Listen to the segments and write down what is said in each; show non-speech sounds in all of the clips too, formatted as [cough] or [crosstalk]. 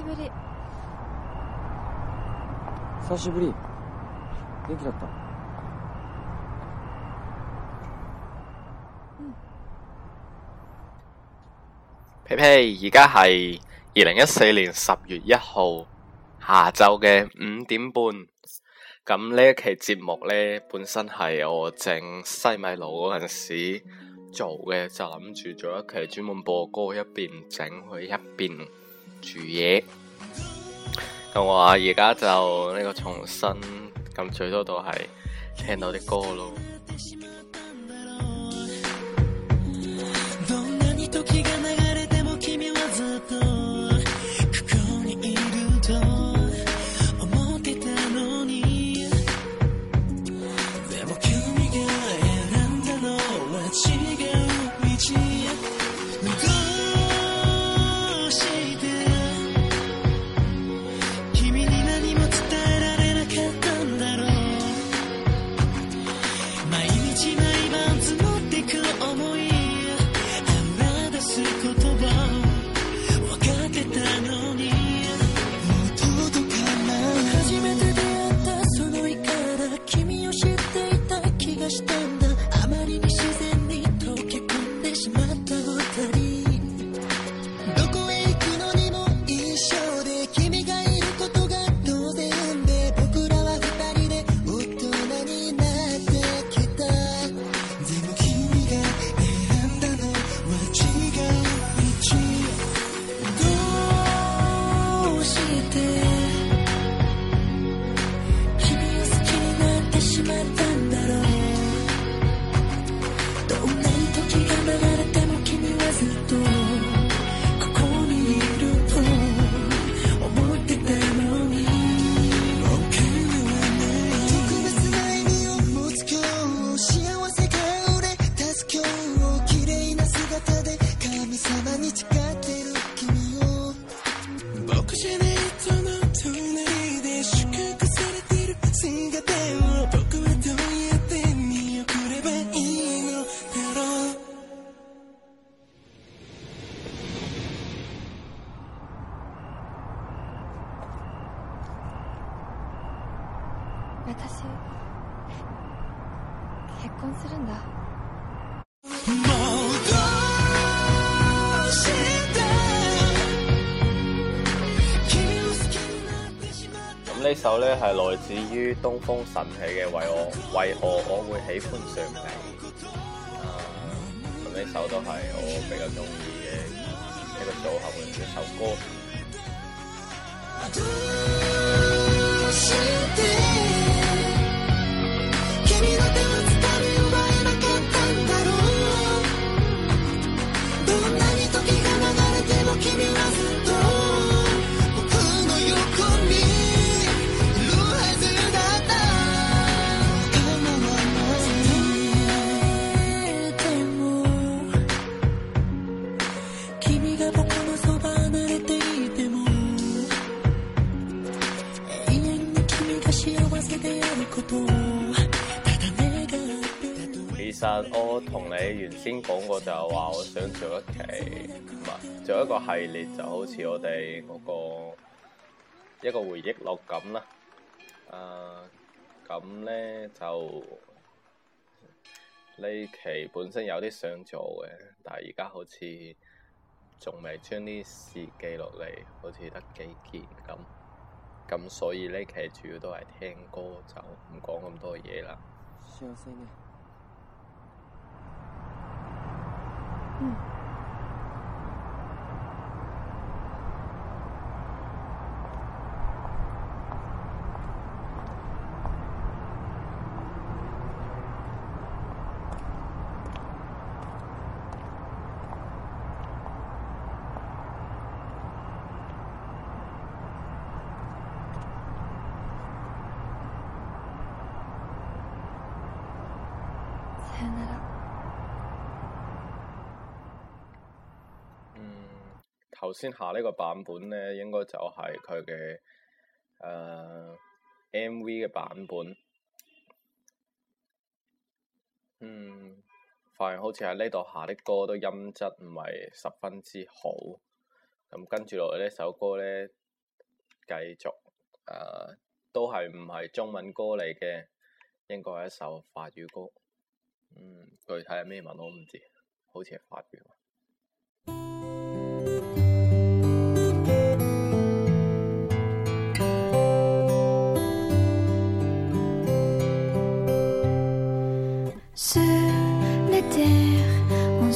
皮皮，呸呸！而家係二零一四年十月一號下晝嘅五點半。咁呢一期節目呢，本身係我整西米露嗰陣時做嘅，就諗住做一期專門播歌，一邊整佢一邊。住嘢，咁我話而家就呢個重新，咁最多都係聽到啲歌咯。這首呢係來自於東風神起嘅《為我為何我，我會喜歡上你》啊，呢首都係我比較中意嘅一個組合嘅一首歌。 [music] 其實我同你原先講過，就係話我想做一期唔係做一個系列，就好似我哋嗰個一個回憶錄咁啦，誒、呃，咁咧就呢期本身有啲想做嘅，但係而家好似仲未將啲事記落嚟，好似得幾件咁。咁所以呢期主要都係聽歌，就唔講咁多嘢啦。笑聲頭先下呢個版本咧，應該就係佢嘅誒 MV 嘅版本。嗯，發現好似喺呢度下的歌都音質唔係十分之好。咁跟住落嚟呢首歌咧，繼續，誒、呃，都係唔係中文歌嚟嘅，應該係一首法語歌。嗯，具體係咩文我唔知，好似係法語文。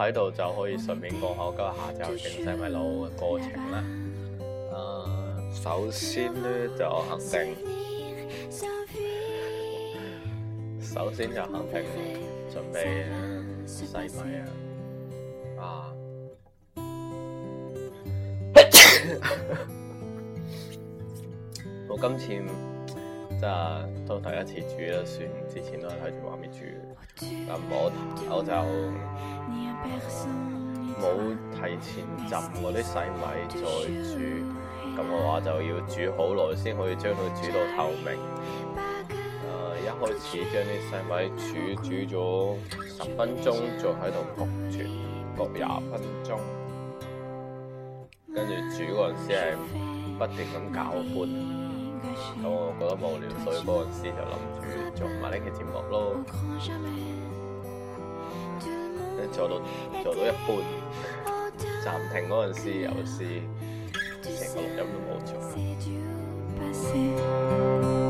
喺度就可以順便講下今日下晝整西米露嘅過程啦。啊，首先咧就肯定，首先就肯定準備西米啊。啊， [coughs] [laughs] 我今次。即係都第一次煮啦，算了之前都係喺外面煮。嗱，我、呃、我就冇提前浸嗰啲西米再煮，咁嘅話就要煮好耐先可以將佢煮到透明。呃、一開始將啲西米煮煮咗十分鐘，再喺度焗住焗廿分鐘，跟住煮嗰陣時係不停咁攪拌。咁我覺得無聊，所以嗰陣時就諗住做埋呢期節目咯。一做到做到一半，暫停嗰陣時，時，又試成個錄音都冇咗。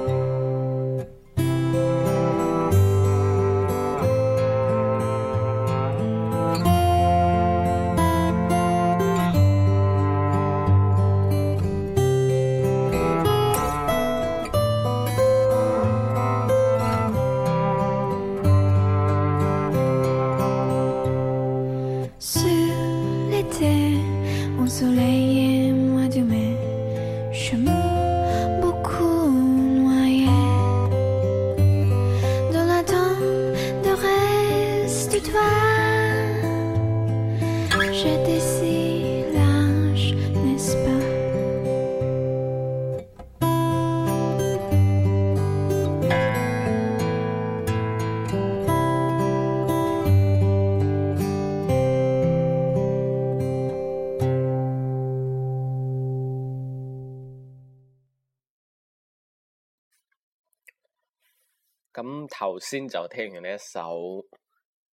頭先就聽完呢一首，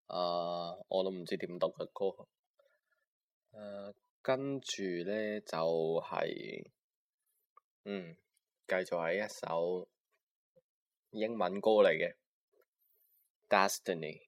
啊、呃，我都唔知點讀嘅歌，呃、跟住咧就係、是，嗯，繼續係一首英文歌嚟嘅，Destiny。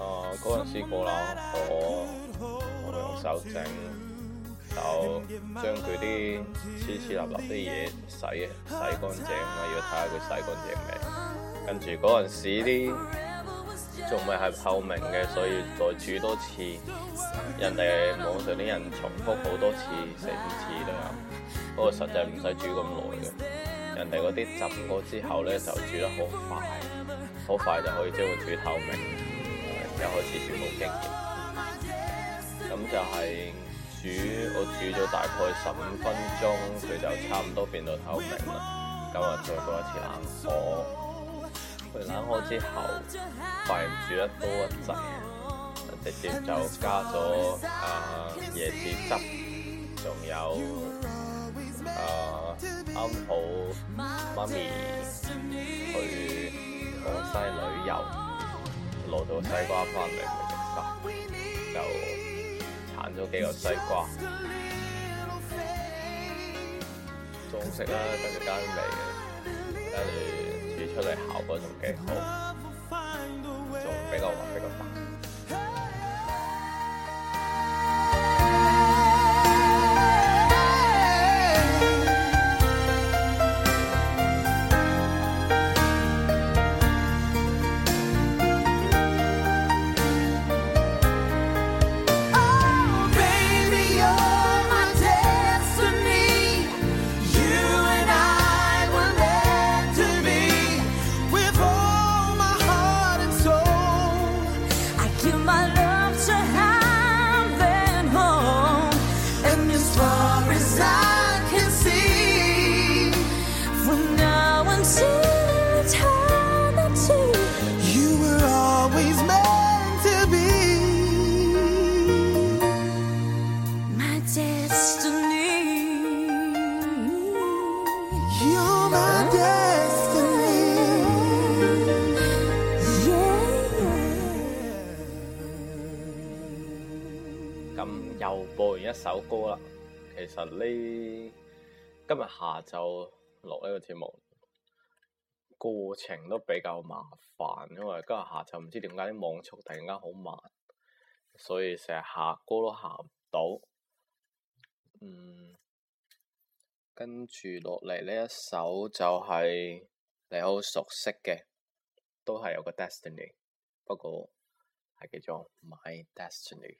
啊！嗰陣、呃、時過啦，我我用手整，就將佢啲黐黐立立啲嘢洗洗乾淨我，要睇下佢洗乾淨未。跟住嗰陣時啲仲未係透明嘅，所以再煮多次。人哋網上啲人重複好多次，四五次都有。不過實際唔使煮咁耐嘅，人哋嗰啲浸過之後咧就煮得好快，好快就可以將佢煮透明。又開始全驚就是煮冇經驗，咁就係煮，我煮咗大概十五分鐘，佢就差唔多變到透明啦。咁、那、啊、個，再過一次冷開，佢冷開之後，快煮得多一陣，直接就加咗啊、呃、椰子汁，仲有啊，啱好媽咪去廣西旅遊。攞到西瓜翻嚟，食得就剷咗幾個西瓜，都好食啦，跟住加啲味，跟住煮出嚟效果仲幾好，仲比較滑，比較滑。首歌啦，其實呢今日下晝錄呢個節目過程都比較麻煩，因為今日下晝唔知點解啲網速突然間好慢，所以成日下歌都下唔到。嗯，跟住落嚟呢一首就係你好熟悉嘅，都係有個 destiny，不過係叫做 my destiny。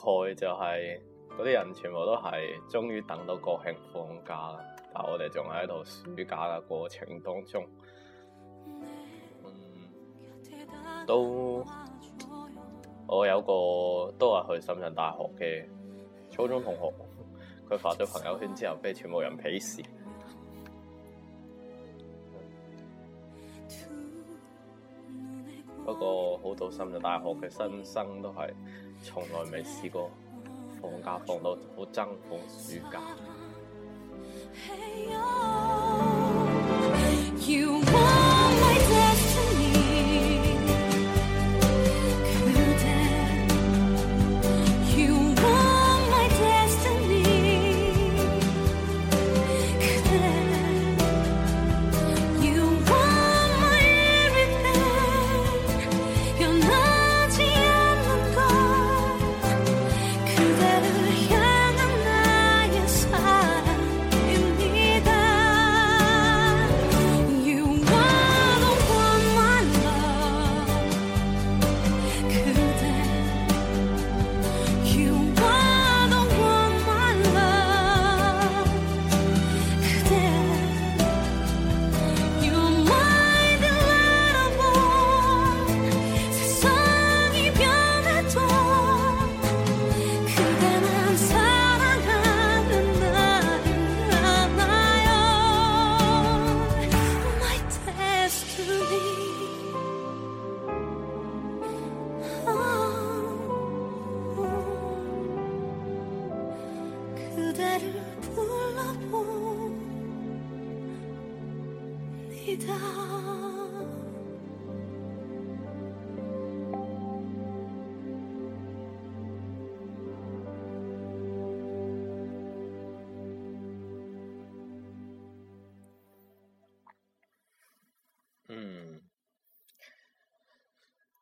佢就係嗰啲人全部都係，終於等到國慶放假啦，但我哋仲喺度暑假嘅過程當中，嗯、都我有個都係去深圳大學嘅初中同學，佢發咗朋友圈之後，畀全部人鄙視。到深圳大學嘅新生都係從來未試過放假放到好憎放暑假。 [music]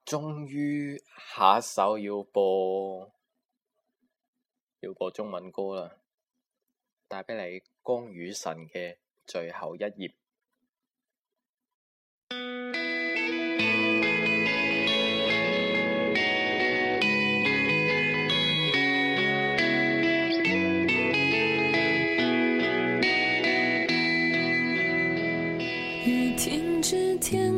終於下一首要播，要播中文歌啦，帶畀你江語晨嘅最後一頁。雨停止天。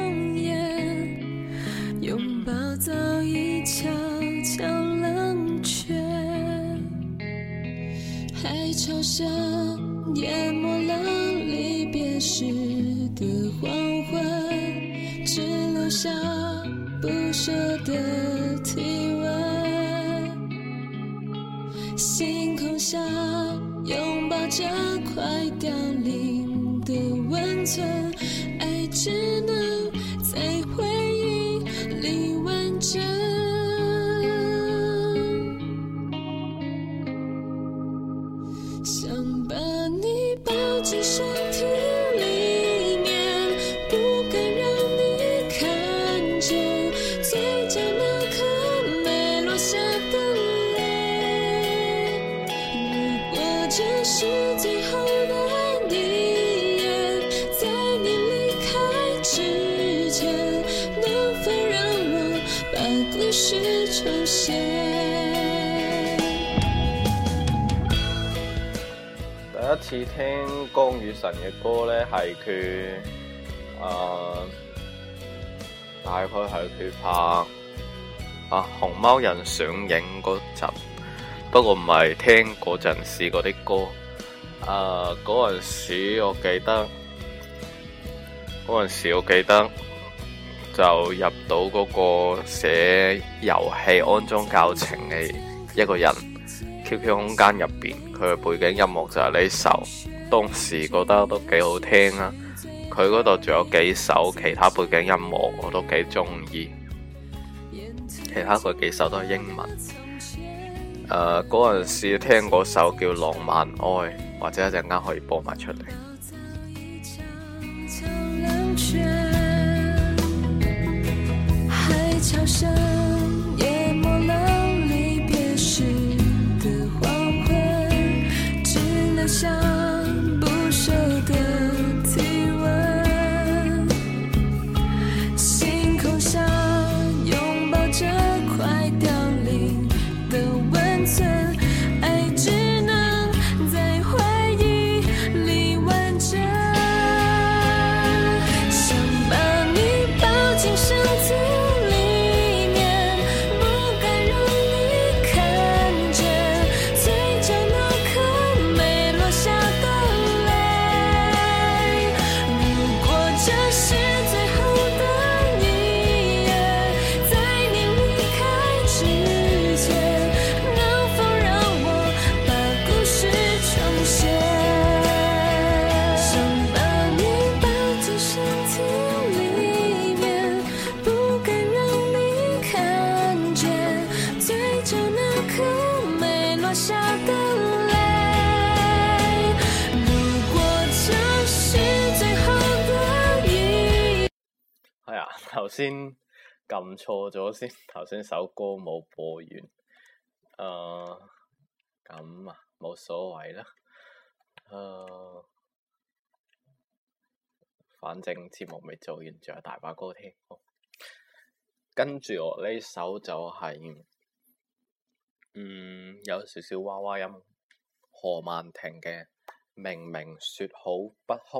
第一次聽江雨神嘅歌咧，係佢、呃、大概係佢拍啊《熊貓人》上映嗰集，不過唔係聽嗰陣試過啲歌，誒、啊，嗰陣時我記得，嗰陣時我記得。就入到嗰個寫遊戲安裝教程嘅一個人，QQ 空間入邊佢嘅背景音樂就係呢首，當時覺得都幾好聽啊，佢嗰度仲有幾首其他背景音樂，我都幾中意。其他嗰幾首都係英文。誒、呃，嗰陣時聽嗰首叫《浪漫愛》，或者一陣間可以播埋出嚟。嗯潮聲淹沒了離別時的黃昏，只留下。撳錯咗先，頭先首歌冇播完。咁、呃、啊，冇所謂啦、呃。反正節目未做完，仲有大把歌聽、哦。跟住我呢首就係、是，嗯，有少少娃娃音，何曼婷嘅《明明說好不哭》。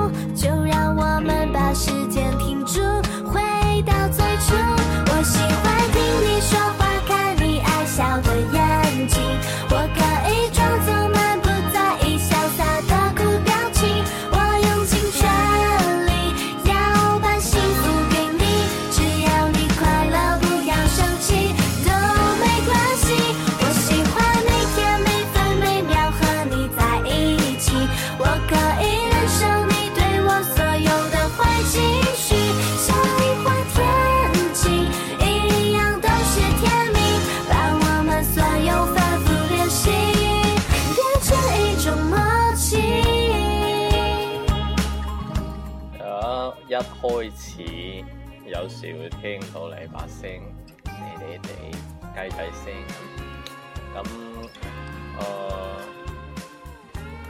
只會聽到你把聲，聲，你你你雞雞聲咁，咁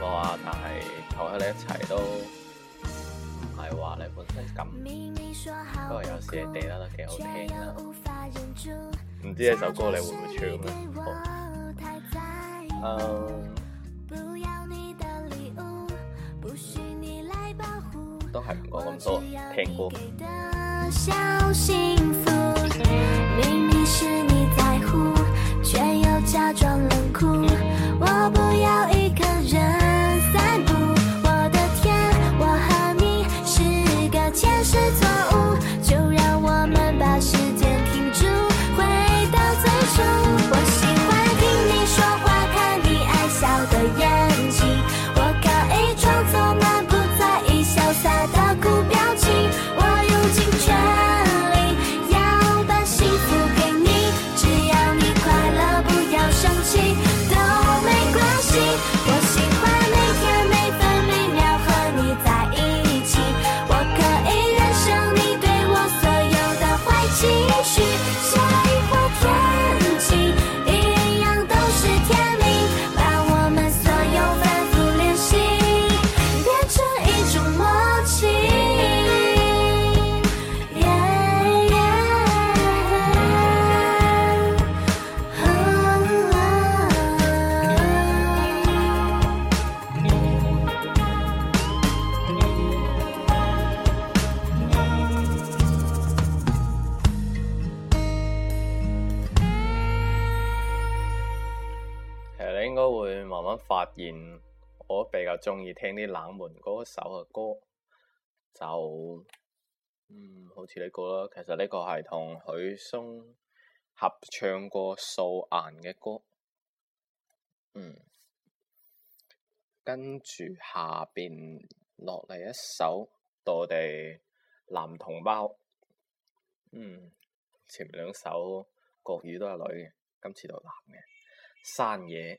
我話，但係同佢哋一齊都唔係話你本身咁，不過，過有時你哋都得幾好聽。唔知呢首歌你會唔會唱呢？誒，嗯嗯、都係唔講咁多，聽歌。小幸福，明明是你。發現我比較中意聽啲冷門歌手嘅歌，就嗯，好似呢個啦。其實呢個係同許嵩合唱過《素顏》嘅歌，嗯。跟住下邊落嚟一首，我哋男同胞，嗯，前面兩首國語都係女嘅，今次就男嘅山野。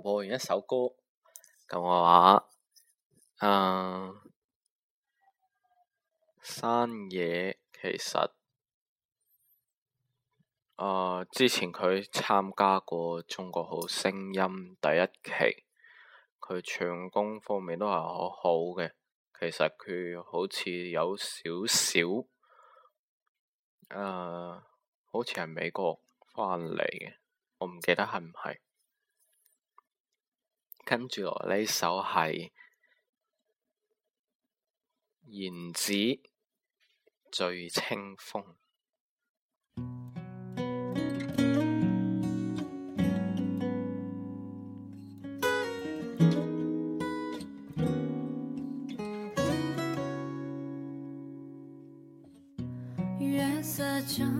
播完一首歌，咁我話，啊，山野其實啊，之前佢參加過《中國好聲音》第一期，佢唱功方面都係好好嘅。其實佢好似有少少，啊，好似係美國翻嚟嘅，我唔記得係唔係。跟住落嚟這是，呢首係《言子醉清風》， [music] [music]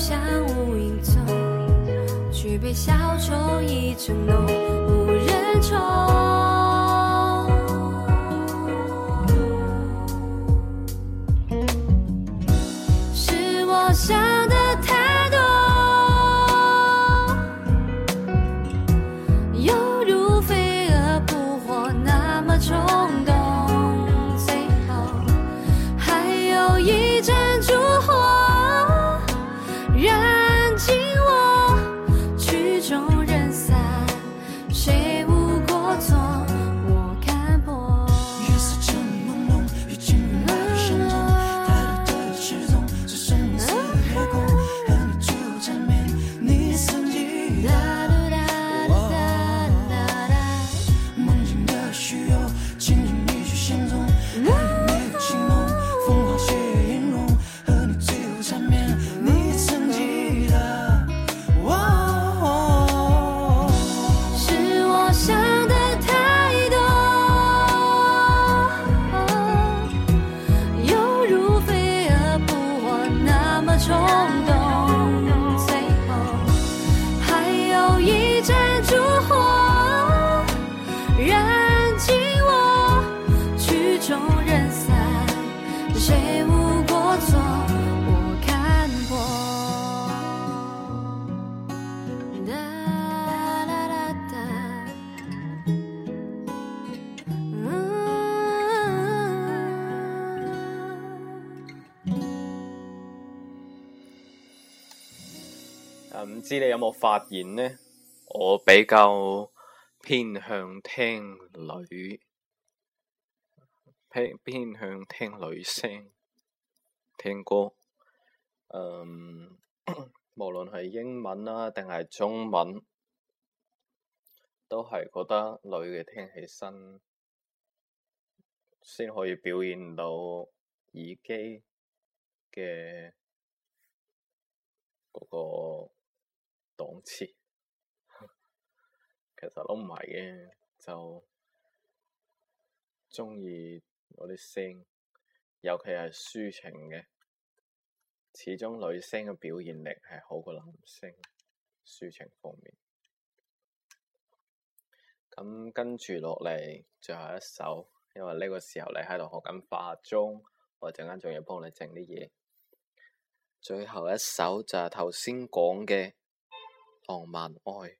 像無影蹤，舉杯消愁，意正濃，無人寵。知你有冇發現呢？我比較偏向聽女，偏向聽女聲，聽歌。嗯，無論係英文啊定係中文，都係覺得女嘅聽起身先可以表現到耳機嘅嗰個檔次，其實都唔係嘅，就中意我啲聲，尤其係抒情嘅，始終女聲嘅表現力係好過男聲，抒情方面。咁跟住落嚟，最後一首，因為呢個時候你喺度學緊化妝，我陣間仲要幫你整啲嘢。最後一首就係頭先講嘅。浪漫愛。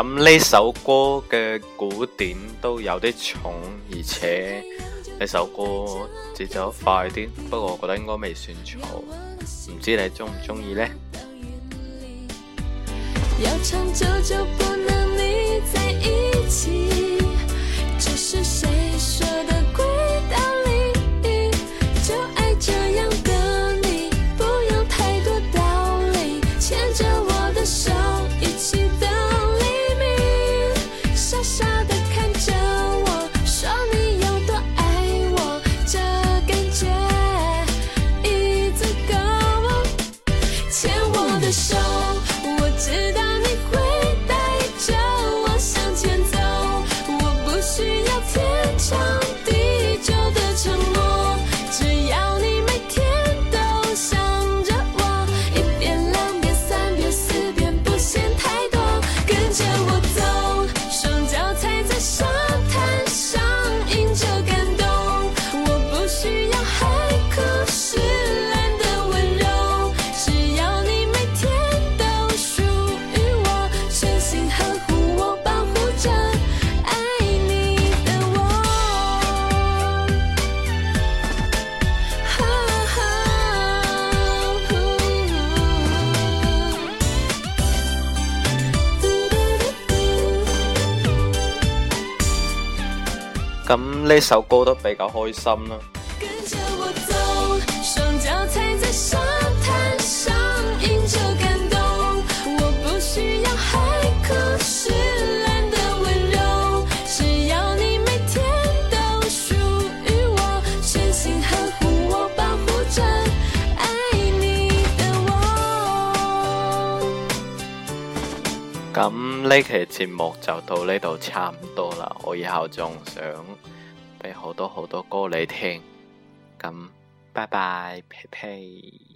咁呢首歌嘅古典都有啲重，而且呢首歌節奏快啲，不過我覺得應該未算嘈，唔知你中唔中意咧？呢首歌都比較開心啦。跟著我走，雙腳踩在沙灘上，迎著感動，我不需要海枯石爛的溫柔，只要你每天都屬於我，全心呵護我，保護著愛你的我。咁呢期節目就到呢度，差唔多啦，我以後仲想。好多好多歌你聽，咁拜拜，皮皮。